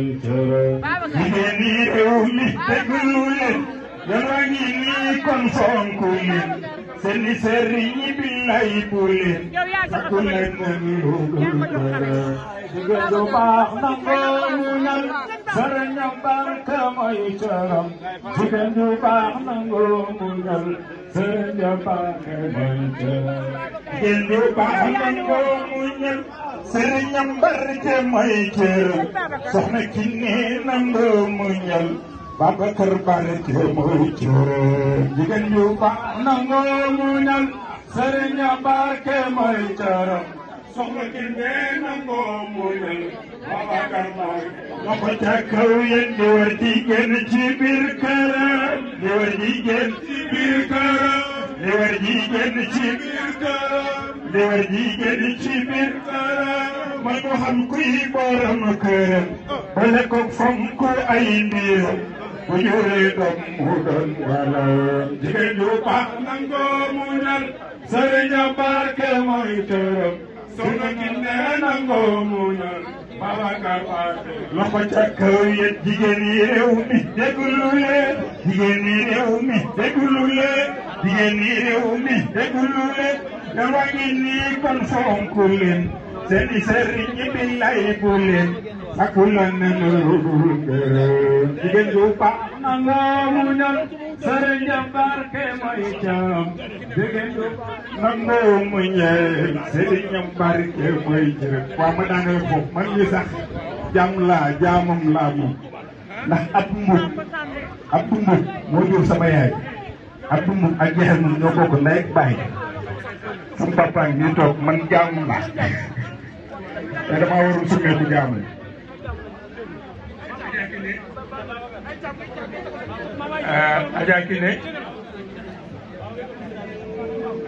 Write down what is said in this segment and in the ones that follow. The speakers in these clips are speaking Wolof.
ترى لجميع أمي تقولون يلاني لي كنصانكم سن سري بالله بولين أكون نملوك ترى Gado baax na ngoonal sarañam barka may caram jigéen ñu baax na ngoonal sëriñ Ba baaxe mooy jëlaat. jël lu mu ñëw. sëriñ Mbarke mooy jigéen lu baax nangoo mu ñëw. sëriñ Mbarke mooy soxna ki nee na ngoo muñal Babacar Mbaye loxo ca kaw yéen di war jigéen ci biir këram di war jigéen ma xam kuy mooy tëram soxna Kiné nangoo muñal Babacar Paate loxo yi réew mi déglu leen jigéen yi réew mi déglu leen jigéen yi réew mi déglu leen dama ngi nii kon fonk leen seen i sëriñ ñi bi lay bu jigéen ju pa nangoo muñal sëriñ jàmbaar ke mooy jàmm jigéen ju pa nangoo muñal sëriñ jàmbaar ke mooy jërëm waaw ma daaneel foofu man mi sax jàmm laa jaamam laa moom ndax ab mbub ab mbub moo jur sama yaay ab mbub ak jaxal moom ñoo bokk ndey ak baay sama papa ngi toog man jàmm laa te damaa waroon summeeku jàmm Euh, Adja Kine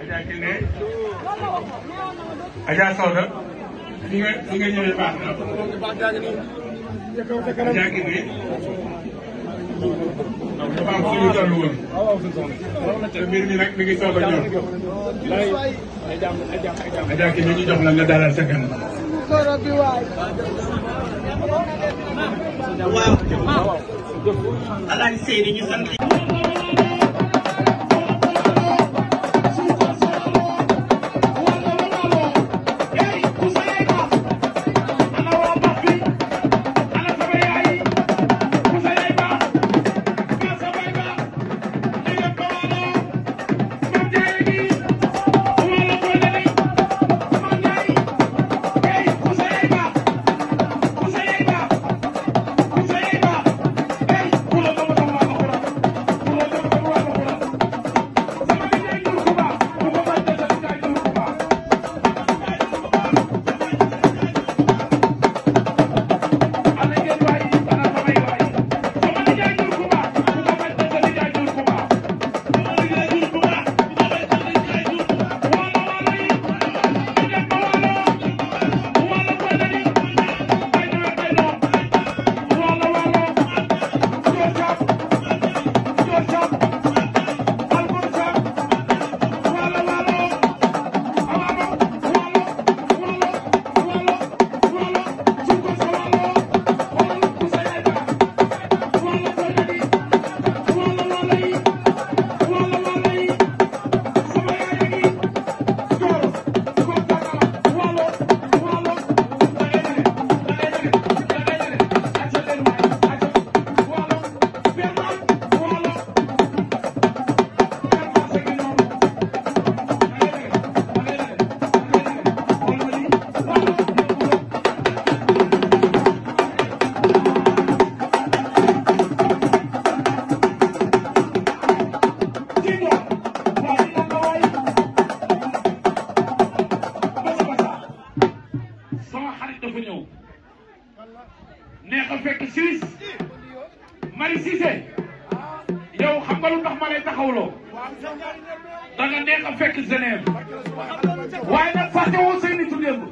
Adja Kine Adja Sawda li nga li nga na Adja Kine dafa Wow. I like seeing you something. neex a fekk Suisse Marie Cissé yow xam nga lu tax ma lay taxawloo nga neex a fekk Genève waaye nag fàtte woo say nitu démb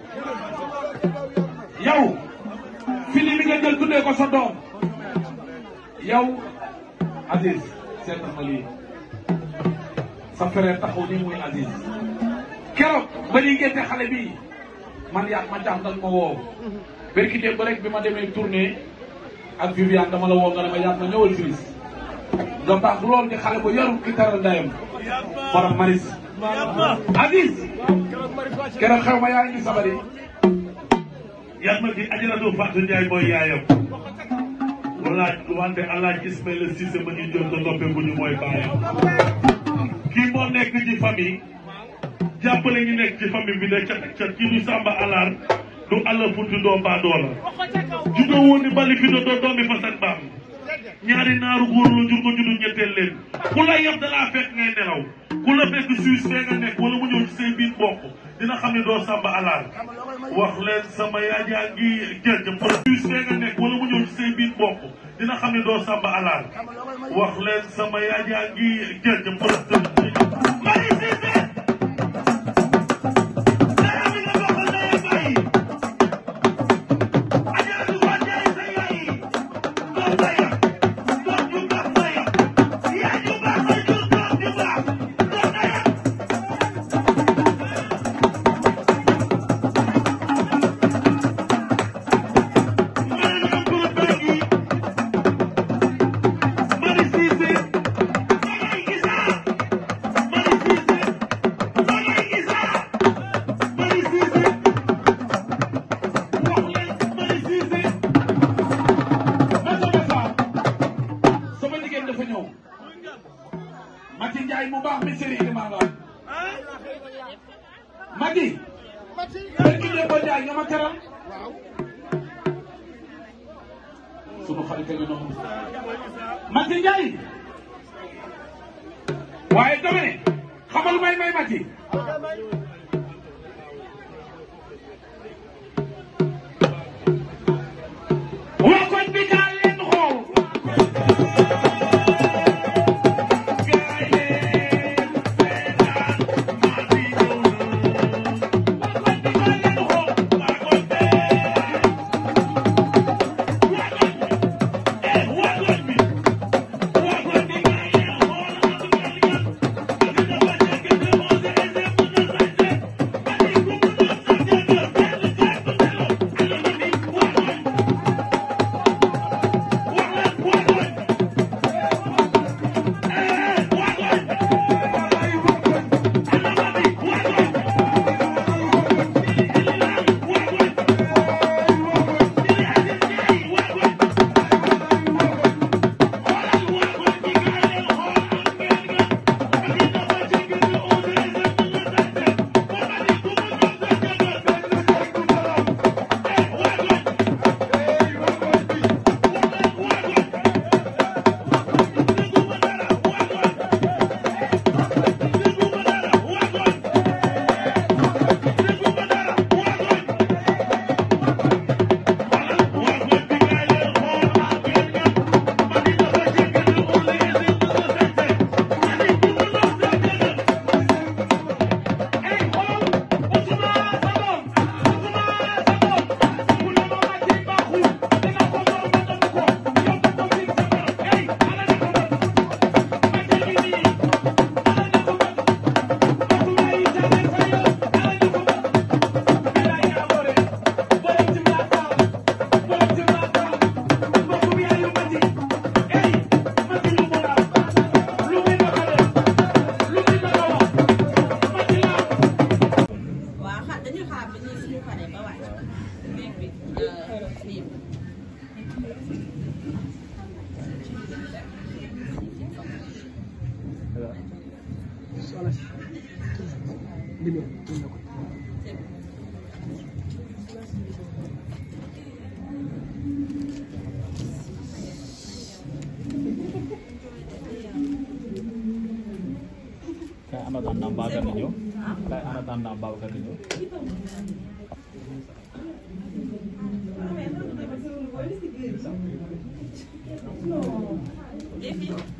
yow fili mi nga jël tuddee ko doom yow Aziz seetal ma lii sa muy Aziz keroog ba xale bii man yaa ma jaaxal ma berkité ba rek bima démé tourner ak Viviane dama la wo dama do tax lool di xalé bu yoru guitare ndayam maris aziz kéro xawma yaa ngi sabari yaat ma fi ajaratu fatou ndjay boy yaayam wala wante allah ismaël cissé ma ñu jot noppé bu ñu moy bayam ki mo ci famille jappalé ñu ci famille bi ci ci samba alar du allah futtindoo mbaadoola judo woon ni bali fido doo doomi fas ak baam ñaari naaru góor la jur nga judu ñetteel leen ku la yab dalaa fekk ngay nelaw ku la fekk suis fee nekk wala mu ñëw ci say biir dina xam ne doo sàmba alaal wax leen sama yaajaa ngi jërëjëf ko suis fee nekk wala mu ñëw ci say biir dina xam ne doo sàmba alaal wax leen sama yaajaa ngi jërëjëf ko waaye dama ne xamal may may mati tambahkan ini kayak anak tambahkan ini Thank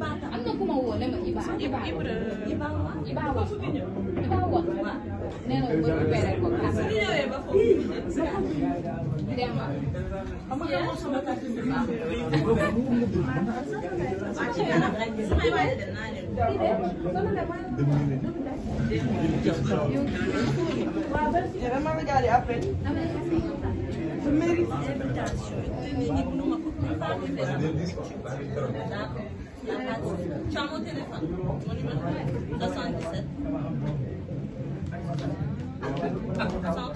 am na ku ma woo ne ma Iba Iba Iba wa Iba wa Iba wa nee na ma récupéré ko kàddu gi. dem ba. waaw. Tu as mon téléphone. Mon numéro 77. 133. 82.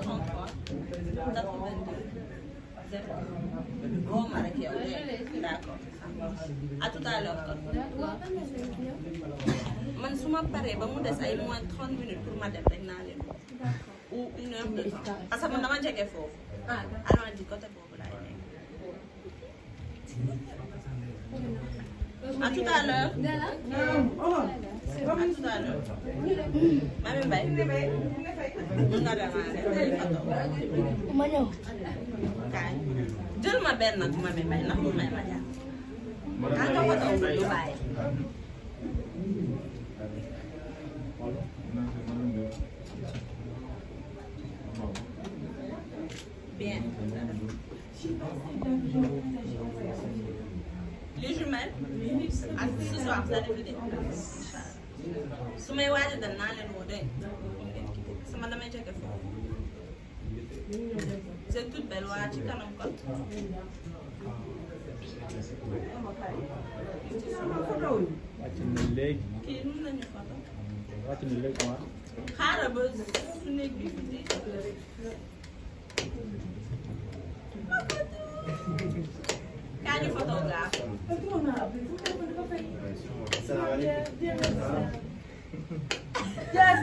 0. Bon, Marakia, oui. D'accord. À tout à l'heure. Man, si je parle, ba mu des ay moins 30 minutes pour m'adapter. def rek ou une heure de temps parce que man dama jege foofu alors di côté boobu laay À tout à l'heure. À tout à l'heure. Mami Mbaye. Mun nga dama tey fa toog. Ma ñëw. Kaay. Jël ma benn nag Mami Mbaye ndax mu may ma jaar. Kaa nga woto du bàyyi. Bien. man ak ce soir dana fi dem su may waaj a dem naa leen woo dégg sama damay jóge foofu c'est tout belle waa ci kanam kon. wàcc na léegi. kii mën nañu photo. wàcc na léegi xaaral ba su nekk bi Yes,